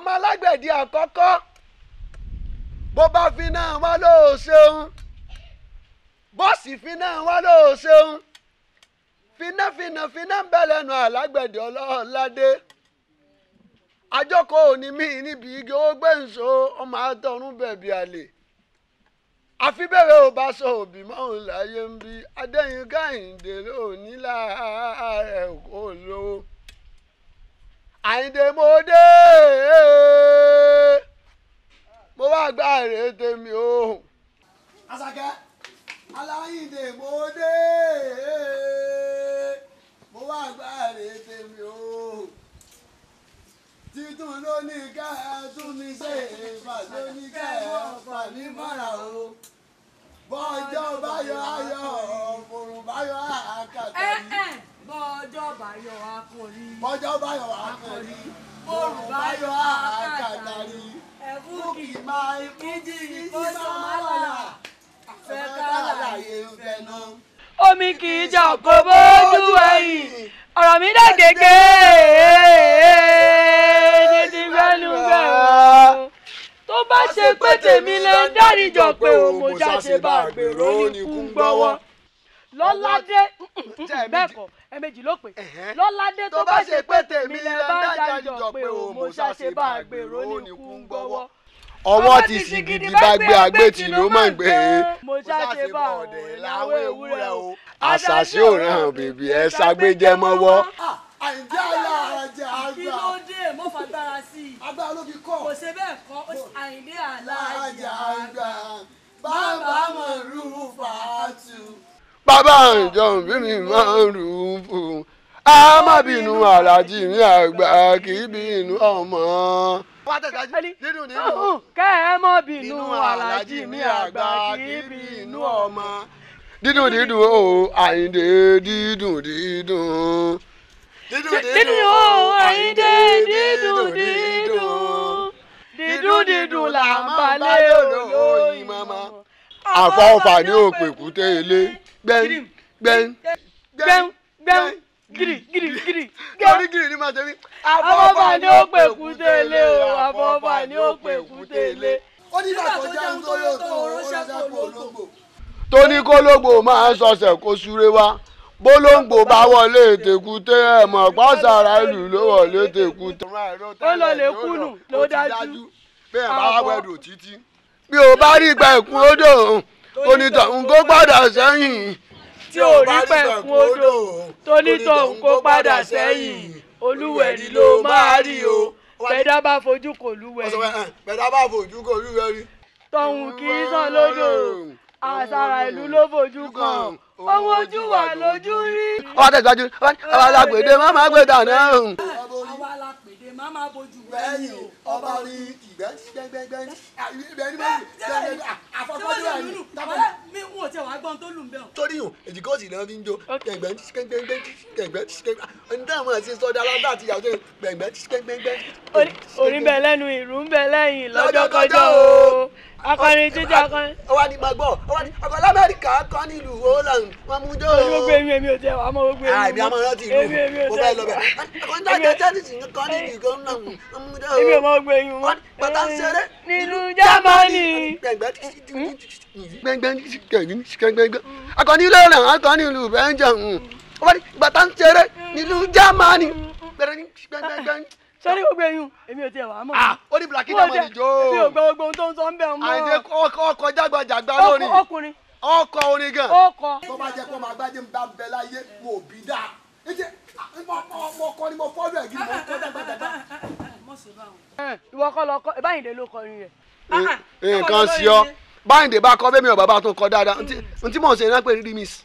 ọmọ alágbẹ̀dẹ àkọ́kọ́ bó bá fi náà wá ló ṣeun fi náà wá ló ṣeun finá ń bẹ̀ lẹ́nu alágbẹ̀dẹ ọlọ́ọ̀ládé àjọkọ̀ òní ọmọ àtọ̀run bẹ̀bí àlè ò bá sọ òbí láyé ń bí àyíndé mo dé mo wá gbá èrè tèmi o. àṣàkẹ́ aláyíndé mo dé mo wá gbá èrè tèmi o. títún ló ní ká tún mi ṣe èèfà ló ní ká ọ̀fà ní mọ́ra o. bọ́jọ́ báyọ̀ ayọ̀ ọ̀pọ̀rọ̀ báyọ̀ àkàtà yìí. Eh, eh bọ́jọ́ báyọ̀ akọ̀rí. bọ́jọ́ báyọ̀ akọ̀rí. bóòrùn kì í máa ikú jí kó sọ́mọ́lá. fẹ́ká àlàyé fẹ́nà. omi kì í jà kó bójú ẹ̀yìn ọ̀rọ̀ mi dà gègé ní ti fẹ́nu bẹ̀ wá. tó bá tèmi lè dáríjọ pé òun mo bá àgbèrò ní kú gbọ́wọ́ lọ́ládé bẹ́ẹ̀ kọ́ ẹ̀mejì ló pè lọ́ládé tó bá ṣe pé tèmi lè bá dájọ́ pé o mo ṣàṣe bá àgbèrò ní kú ń gbọ́wọ́ ọwọ́ ti sì gidi bá gbé agbétì ló mọ̀ gbé e. mo ṣàṣe bá ọ̀dẹ̀ láwọn ewúrẹ́ o. àṣàṣe ò ràn bèbí ẹ ṣàgbéjẹ mọ́wọ́. Ah, àìjẹ́ àyà àjà àgbà. kí ló dé mo fagbára sí i. agbára ló fi kọ́. kò ṣe bẹ́ẹ̀ kọ́ àìlè àlà àjà àgbà. bàbá mọ̀ rú fàátù bàbá àjọyìn bí mi máa ń rù ú fún un a má bínú aláàjì mi àgbà kì í bínú ọmọ. kẹ́ ẹ má bínú aláàjì mi àgbà kì í bínú ọmọ. dídùn dídùn o àyíǹde dídùn dídùn dídùn o àyíǹde dídùn dídùn dídùn dídùn là ń balẹ̀ olóyìn àfọwọ́fà ní òpè kúté ilé gbẹ́n gbẹ́n gbẹ́n gbẹ́n gírì gírì gírì. lórí gírì ni màá tẹ́lẹ̀. àfọwọ́fà ní òpè kúté ilé o àfọwọ́fà ní òpè kúté ilé. ó ní bàtọ́jà ń tó yóò tó ránṣẹ́ kó lógbò. tóní kólógbò máa ń sọ̀sẹ̀ kó súré wá bólóńgbò bá wọlé ètèkúté ẹ mọ̀ pàṣàrà ìlú ló wọlé ètèkúté. ó lọ lè kúnnù ló dájú. bẹ́ẹ̀ bá wá wẹ̀dùn títí bí o bá rí ìgbà ẹ̀kún odò onítọ̀hún kó padà sẹ́yìn. tí o rí pẹ̀kún odò tónítọ̀hún kó padà sẹ́yìn olúwẹ̀rí ló máa rí o bẹ́ẹ̀dá bá fojú kò lúwẹ̀rí. bẹ́ẹ̀dá bá fojú kò lúwẹ̀rí. tọ̀hún kì í sàn lódò àṣàrà ìlú ló fojú kan ohun ojú wà lójú rí. ọ̀tẹ̀ ìgbàjú ọ̀làgbèdè má má gbé dànù a máa bojú wẹ̀yìn o. ọba rí ìgbẹ́ gbẹ́gbẹ́gbẹ́ ibẹ̀ ní bẹ́ẹ̀ gbẹ́gbẹ́ àfọ̀kọ́jú rẹ̀ ní tábọ̀. mi n ò tẹ wàá gbọ́n tó lù ń bẹ̀ o. torí o èjìká òsì náà fi ń jó gbẹ̀gbẹ́ gbẹ̀gbẹ́ gbẹ̀gbẹ́ ẹni tí àwọn ẹ̀sìn sọ́dọ̀ alágbà àti ìyàwó ṣe gbẹ̀gbẹ́ gbẹ̀gbẹ́. orí ń bẹ lẹ́nu ìrù ń bẹ lẹ́yìn lọ́jọ́ kọjọ́ o akọrin jíjẹ akọrin. ó wá ní gbàgbọ́ ó wá ní ọkọ lamẹ́ríkà kan nílùú holland wọn mú jọ. gbogbo èmi èmi ò jẹ wà á mọ gbogbo èmi. àìbí àmọ́ rántí ìlú mo fẹ́ lọ bẹ̀. akọrin tó jẹ tẹ́lifísì kan nílùú gómìnà wọn mú jọ. èmi ò mọ gbogbo èmi mọ. pátá ń ṣeré. nílùú jámánì. akọrin ìlú holland akọrin ìlú belgium ó wá ní pátá ń nílùú jámánì sọ́ni gbogbo eyín èmi ò tiẹ̀ wà á mọ̀. Ah, ó ní bìlàkìtà mọ̀ nìjó. mi ò gbọ́ gbogbo ohun tó ń sọ ń bẹ̀ mọ́. àìdè ọkọ̀ jágbajàgba lónìí. ọkùnrin. ọkọ̀ orin gan. ọkọ̀. tó bá jẹ́ pé ọmọ agbájé ń bá bẹ láyé mo bí dáa. ètè ọmọ ọkọ ni mo fọ́ọ̀lù ẹ̀ kí mo kọ́ jágbajàgba. ìwọ kọ́ lọ kọ́ báyìí ló kọrin rẹ̀. nǹkan sí ọ báyìí bá kọ bẹ́ẹ̀ mi ò bàbá tó kọ dáadáa ntí mò ń ṣe iná pé rí miss.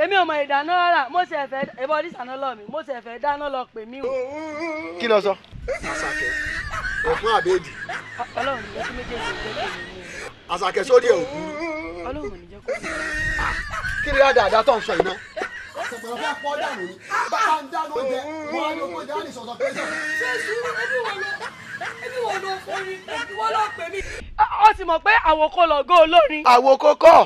èmi ò mọ ìdáná rárá mo ṣe ẹ̀fẹ̀ ìbọn ìṣàná lọ mi mo ṣe ẹ̀fẹ̀ dáná lọ pè mí o. kí ló sọ. àṣàkẹ́ ọ̀pọ̀ àbẹ́ẹ̀dì. ọlọ́run ní jẹ́ kí méjèèjì jẹ́ kí èmi ní. àṣàkẹ́ sórí ẹ̀ òkú. ọlọ́run ní jẹ́ kó mi. kí ni àdàdà tó ń sọ iná. ọ̀sẹ̀gbọ̀n fẹ́ pọ́ dànù ni bàbá ń dáná oúnjẹ wọn á ló kó dáná ìsọ̀tọ̀ pé ṣé sùúrù ẹbí wọn lọ ẹbí wọn lọ fún mi ẹbí wọn lọ pè mí. Ah, ah. ó sì mọ̀ pé àwòkọ́ lọ̀gọ́ olórin. àwòkọ́ kọ́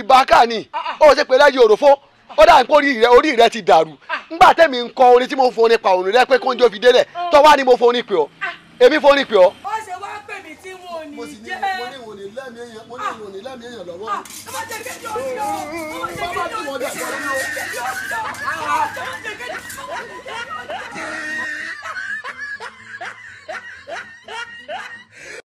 ìbákà ni ah, ó ṣe pé láyé òròfó ó dà pé orí rẹ orí rẹ ti dàrú ńgbà ah. tẹ̀mí ń kọ orin tí mo fún orin pa òrùn rẹ pé kóńjó fi délẹ̀ oh. tó wá ní mo fún orin pè ọ́ ah. èmi fún orin pè ọ́. ó ṣe wá pè mí tí wọn ní jẹ́. mo ní ìwòní lẹ́mí èèyàn mo ní ah. ìwòní lẹ́mí èèyàn lọ́wọ́. ọmọ jẹ kẹjọ ọjọ ọmọ jẹ kẹjọ ọjọ ọmọ jẹ kẹjọ ọjọ ọmọ jẹ kẹjọ ọjọ.